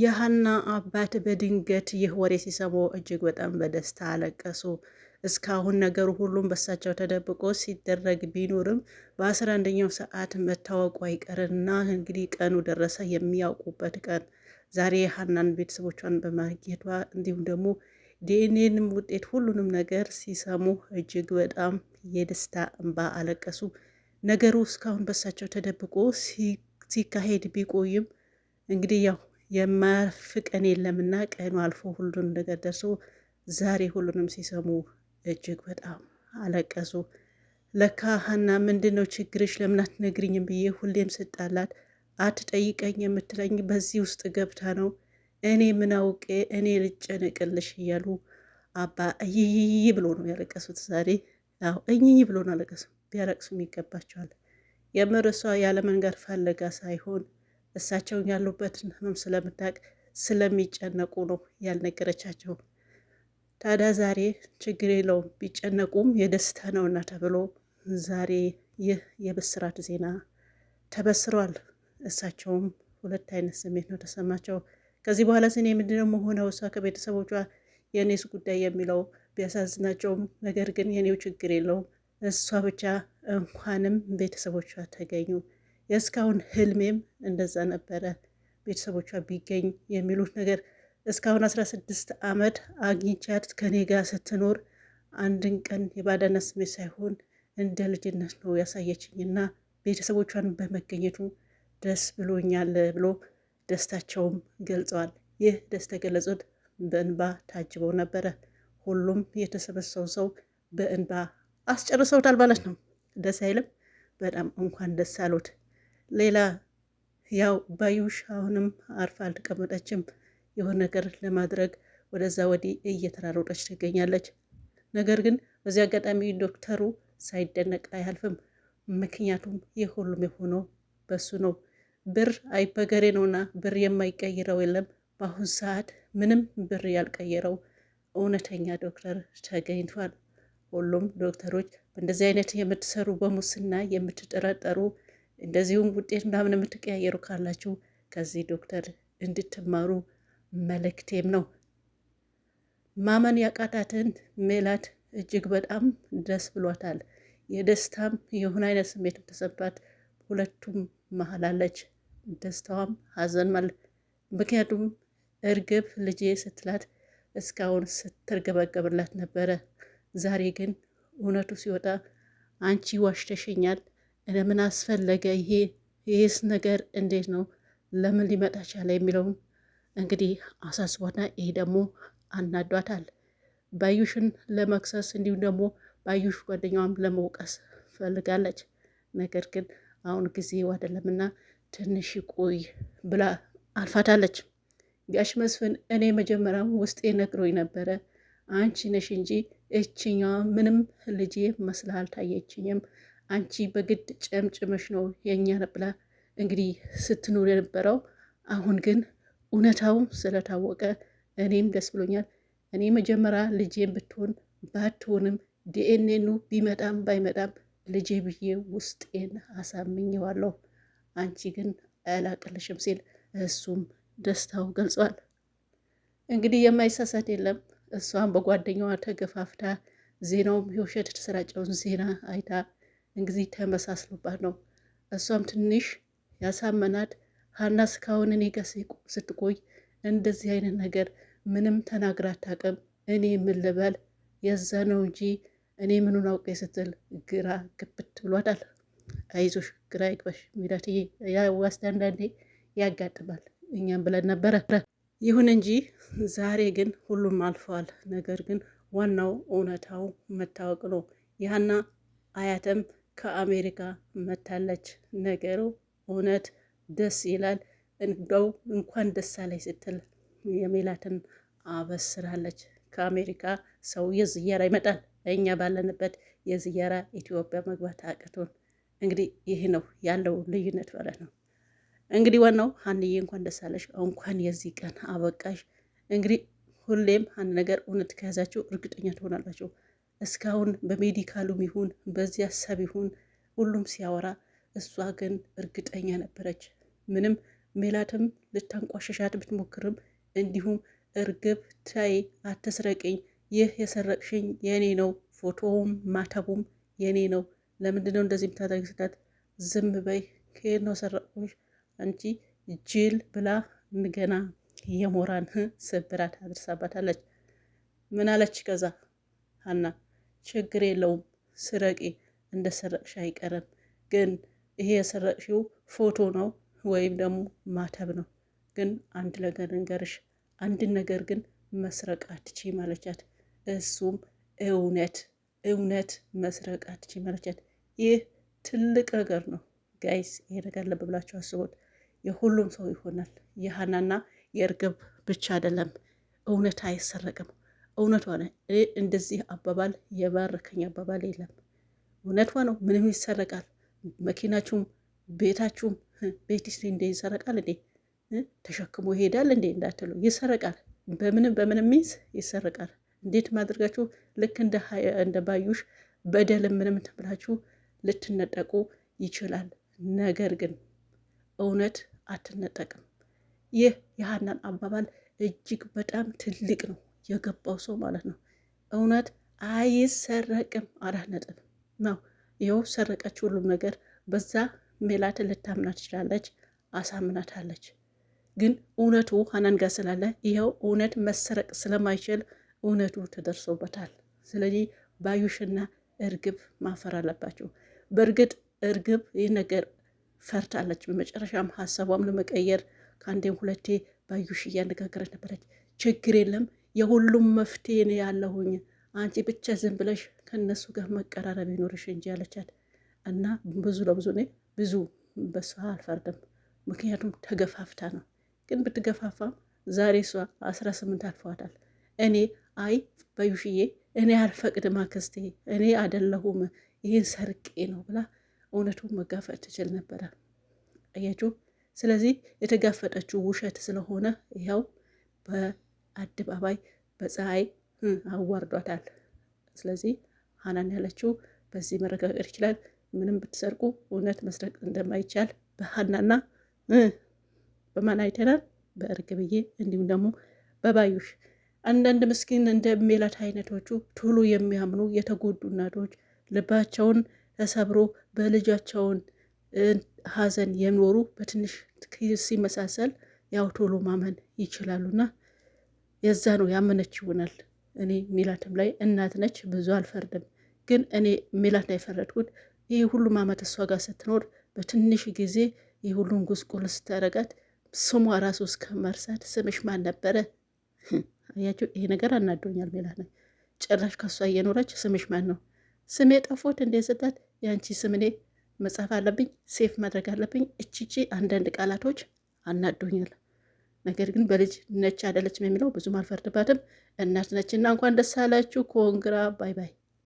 የሀና አባት በድንገት ይህ ወሬ ሲሰሙ እጅግ በጣም በደስታ አለቀሱ። እስካሁን ነገሩ ሁሉም በሳቸው ተደብቆ ሲደረግ ቢኖርም በአስራ አንደኛው ሰዓት መታወቁ አይቀርና እንግዲህ ቀኑ ደረሰ፣ የሚያውቁበት ቀን ዛሬ። የሀናን ቤተሰቦቿን በማግኘቷ እንዲሁም ደግሞ ዲኤንኤንም ውጤት ሁሉንም ነገር ሲሰሙ እጅግ በጣም የደስታ እንባ አለቀሱ። ነገሩ እስካሁን በሳቸው ተደብቆ ሲካሄድ ቢቆይም እንግዲህ ያው የማያልፍ ቀን የለምና ቀኑ አልፎ ሁሉንም ነገር ደርሶ ዛሬ ሁሉንም ሲሰሙ እጅግ በጣም አለቀሱ። ለካ ሀና ምንድን ነው ችግርሽ? ለምን አትነግሪኝም ብዬ ሁሌም ስጣላት አትጠይቀኝ የምትለኝ በዚህ ውስጥ ገብታ ነው። እኔ ምን አውቄ እኔ ልጨነቅልሽ እያሉ አባ እይይይ ብሎ ነው ያለቀሱት። ዛሬ ያው እኝይ ብሎ ነው ያለቀሱ። ቢያለቅሱም ይገባቸዋል። የምር እሷ ፈለጋ ፈልጋ ሳይሆን እሳቸውን ያሉበትን ህመም ስለምታውቅ ስለሚጨነቁ ነው ያልነገረቻቸው። ታዲያ ዛሬ ችግር የለውም ቢጨነቁም የደስታ ነውና ተብሎ ዛሬ ይህ የብስራት ዜና ተበስሯል። እሳቸውም ሁለት አይነት ስሜት ነው ተሰማቸው። ከዚህ በኋላ ስኔ የምንድነው መሆነው እሷ ከቤተሰቦቿ የእኔስ ጉዳይ የሚለው ቢያሳዝናቸውም፣ ነገር ግን የኔው ችግር የለውም እሷ ብቻ እንኳንም ቤተሰቦቿ ተገኙ የእስካሁን ህልሜም እንደዛ ነበረ ቤተሰቦቿ ቢገኝ የሚሉት ነገር እስካሁን አስራ ስድስት ዓመት አግኝቻት ከኔ ጋር ስትኖር አንድን ቀን የባዳነት ስሜት ሳይሆን እንደ ልጅነት ነው ያሳየችኝ እና ቤተሰቦቿን በመገኘቱ ደስ ብሎኛል ብሎ ደስታቸውም ገልጸዋል። ይህ ደስታ የገለጹት በእንባ ታጅበው ነበረ። ሁሉም የተሰበሰበው ሰው በእንባ አስጨርሰውታል ማለት ነው። ደስ አይልም? በጣም እንኳን ደስ አሉት። ሌላ ያው ባዩሽ አሁንም አርፋ አልተቀመጠችም። የሆነ ነገር ለማድረግ ወደዛ ወዲህ እየተራሮጠች ትገኛለች። ነገር ግን በዚህ አጋጣሚ ዶክተሩ ሳይደነቅ አያልፍም። ምክንያቱም ይህ ሁሉም የሆነው በሱ ነው። ብር አይበገሬ ነውና ብር የማይቀይረው የለም። በአሁን ሰዓት ምንም ብር ያልቀየረው እውነተኛ ዶክተር ተገኝቷል። ሁሉም ዶክተሮች በእንደዚህ አይነት የምትሰሩ፣ በሙስና የምትጠረጠሩ እንደዚሁም ውጤት ምናምን የምትቀያየሩ ካላችሁ ከዚህ ዶክተር እንድትማሩ መልእክቴም ነው። ማመን ያቃታትን ሜላት እጅግ በጣም ደስ ብሏታል። የደስታም የሆነ አይነት ስሜት ተሰምቷት ሁለቱም መሀል አለች፣ ደስታዋም ሀዘን ማለት ምክንያቱም እርግብ ልጄ ስትላት እስካሁን ስትርገበገብላት ነበረ። ዛሬ ግን እውነቱ ሲወጣ አንቺ ዋሽተሽኛል ለምን አስፈለገ ይሄ ይህስ ነገር እንዴት ነው ለምን ሊመጣ ቻለ የሚለውን እንግዲህ አሳስቧና ይሄ ደግሞ አናዷታል። ባዩሽን ለመክሰስ እንዲሁም ደግሞ ባዩሽ ጓደኛዋም ለመውቀስ ፈልጋለች። ነገር ግን አሁን ጊዜ አይደለምና ትንሽ ቆይ ብላ አልፋታለች። ጋሽ መስፍን እኔ መጀመሪያም ውስጤ ነግሮኝ ነበረ አንቺ ነሽ እንጂ እችኛዋ ምንም ልጄ መስላ አልታየችኝም አንቺ በግድ ጨምጭመሽ ነው የእኛ ብላ እንግዲህ ስትኖር የነበረው። አሁን ግን እውነታው ስለታወቀ እኔም ደስ ብሎኛል። እኔ መጀመሪያ ልጄን ብትሆን ባትሆንም ዲኤንኤኑ ቢመጣም ባይመጣም ልጄ ብዬ ውስጤን አሳምኘዋለሁ። አንቺ ግን አያላቅልሽም ሲል እሱም ደስታው ገልጿል። እንግዲህ የማይሳሳት የለም። እሷም በጓደኛዋ ተገፋፍታ ዜናውም የውሸት የተሰራጨውን ዜና አይታ እንግዲህ ተመሳስሎባት ነው። እሷም ትንሽ ያሳመናት ሀና እስካሁን እኔ ጋር ስትቆይ እንደዚህ አይነት ነገር ምንም ተናግራ አታውቅም። እኔ ምን ልበል የዛ ነው እንጂ እኔ ምኑን አውቄ ስትል ግራ ግብት ብሏታል። አይዞሽ ግራ ይግባሽ ሚዳት አንዳንዴ ያጋጥማል። እኛም ብለን ነበረ። ይሁን እንጂ ዛሬ ግን ሁሉም አልፈዋል። ነገር ግን ዋናው እውነታው መታወቅ ነው። ያና አያተም ከአሜሪካ መታለች። ነገሩ እውነት ደስ ይላል። እንደው እንኳን ደስ አለኝ ስትል የሚላትን አበስራለች። ከአሜሪካ ሰው የዝያራ ይመጣል። እኛ ባለንበት የዝያራ ኢትዮጵያ መግባት አቅቶን እንግዲህ ይህ ነው ያለው ልዩነት ማለት ነው። እንግዲህ ዋናው ሀንዬ እንኳን ደስ አለሽ፣ እንኳን የዚህ ቀን አበቃሽ። እንግዲህ ሁሌም አንድ ነገር እውነት ከያዛችሁ እርግጠኛ ትሆናላችሁ። እስካሁን በሜዲካሉም ይሁን በዚህ ሀሳብ ይሁን ሁሉም ሲያወራ፣ እሷ ግን እርግጠኛ ነበረች። ምንም ሜላትም ልታንቋሸሻት ብትሞክርም እንዲሁም እርግብ ታይ አትስረቅኝ፣ ይህ የሰረቅሽኝ የኔ ነው፣ ፎቶውም ማተቡም የኔ ነው፣ ለምንድነው እንደዚህ የምታደርጊ ስላት ዝም በይ ከየት ነው ሰረቅሽ አንቺ ጅል ብላ ገና የሞራን ስብራት አድርሳባታለች። ምን አለች ከዛ ሀና ችግር የለውም ስረቂ፣ እንደ ሰረቅሽ አይቀርም። ግን ይሄ የሰረቅሽው ፎቶ ነው ወይም ደግሞ ማተብ ነው። ግን አንድ ነገር ንገርሽ፣ አንድን ነገር ግን መስረቅ አትቺ ማለቻት። እሱም እውነት እውነት መስረቅ አትቺ ማለቻት። ይህ ትልቅ ነገር ነው ጋይስ። ይሄ ነገር ለብ ብላችሁ የሁሉም ሰው ይሆናል። የሀናና የእርግብ ብቻ አይደለም። እውነት አይሰረቅም። እውነቷ ሆነ እኔ እንደዚህ አባባል የባረከኝ አባባል የለም። እውነቷ ነው። ምንም ይሰረቃል። መኪናችሁም ቤታችሁም ቤት ስ እንደ ይሰረቃል እንዴ ተሸክሞ ይሄዳል እንዴ እንዳትሉ፣ ይሰረቃል። በምንም በምንም ሚንስ ይሰረቃል። እንዴት ማድረጋችሁ ልክ እንደ ባዩሽ በደልም ምንም ተብላችሁ ልትነጠቁ ይችላል። ነገር ግን እውነት አትነጠቅም። ይህ የሀናን አባባል እጅግ በጣም ትልቅ ነው። የገባው ሰው ማለት ነው። እውነት አይሰረቅም አራት ነጥብ ነው። ይኸው ሰረቀች ሁሉም ነገር በዛ። ሜላት ልታምና ትችላለች፣ አሳምናታለች። ግን እውነቱ ሀናን ጋር ስላለ ይኸው እውነት መሰረቅ ስለማይችል እውነቱ ተደርሶበታል። ስለዚህ ባዩሽና እርግብ ማፈር አለባቸው። በእርግጥ እርግብ ይህ ነገር ፈርታለች። በመጨረሻም ሀሳቧም ለመቀየር ከአንዴም ሁለቴ ባዩሽ እያነጋገረች ነበረች። ችግር የለም የሁሉም መፍትሄ ነው ያለሁኝ። አንቺ ብቻ ዝም ብለሽ ከእነሱ ጋር መቀራረብ ይኖርሽ እንጂ ያለቻት እና ብዙ ለብዙ እኔ ብዙ በሷ አልፈርድም። ምክንያቱም ተገፋፍታ ነው። ግን ብትገፋፋም ዛሬ እሷ አስራ ስምንት አልፈዋታል። እኔ አይ በዩሽዬ እኔ አልፈቅድም አክስቴ፣ እኔ አይደለሁም ይህን ሰርቄ ነው ብላ እውነቱን መጋፈጥ ትችል ነበረ። አያችሁ። ስለዚህ የተጋፈጠችው ውሸት ስለሆነ ይኸው አደባባይ በፀሐይ አዋርዷታል። ስለዚህ ሀናን ያለችው በዚህ መረጋገጥ ይችላል። ምንም ብትሰርቁ እውነት መስረቅ እንደማይቻል በሀናና በማን አይተናል? በእርግብዬ እንዲሁም ደግሞ በባዩሽ አንዳንድ ምስኪን እንደ ሜላት አይነቶቹ ቶሎ የሚያምኑ የተጎዱ እናቶች ልባቸውን ተሰብሮ በልጃቸውን ሀዘን የኖሩ በትንሽ ሲመሳሰል ያው ቶሎ ማመን ይችላሉና የዛ ነው ያመነች ይሆናል። እኔ ሚላትም ላይ እናት ነች ብዙ አልፈርድም፣ ግን እኔ ሚላት ላይ ፈረድኩት። ይህ ሁሉም አመት እሷ ጋር ስትኖር በትንሽ ጊዜ ይህ ሁሉን ጉስቁል ስታረጋት ስሟ ራሱ እስከ መርሳት ስምሽ ማን ነበረ? አያቸው ይሄ ነገር አናዶኛል። ሚላት ነው ጭራሽ ከሷ እየኖረች ስምሽ ማን ነው ስሜ ጠፎት እንደ ስላት የአንቺ ስም እኔ መጻፍ አለብኝ ሴፍ ማድረግ አለብኝ። እችቺ አንዳንድ ቃላቶች አናዶኛል። ነገር ግን በልጅ ነች አይደለችም የሚለው ብዙም አልፈርድባትም። እናት ነችና እንኳን ደስ አላችሁ። ኮንግራ ባይ ባይ።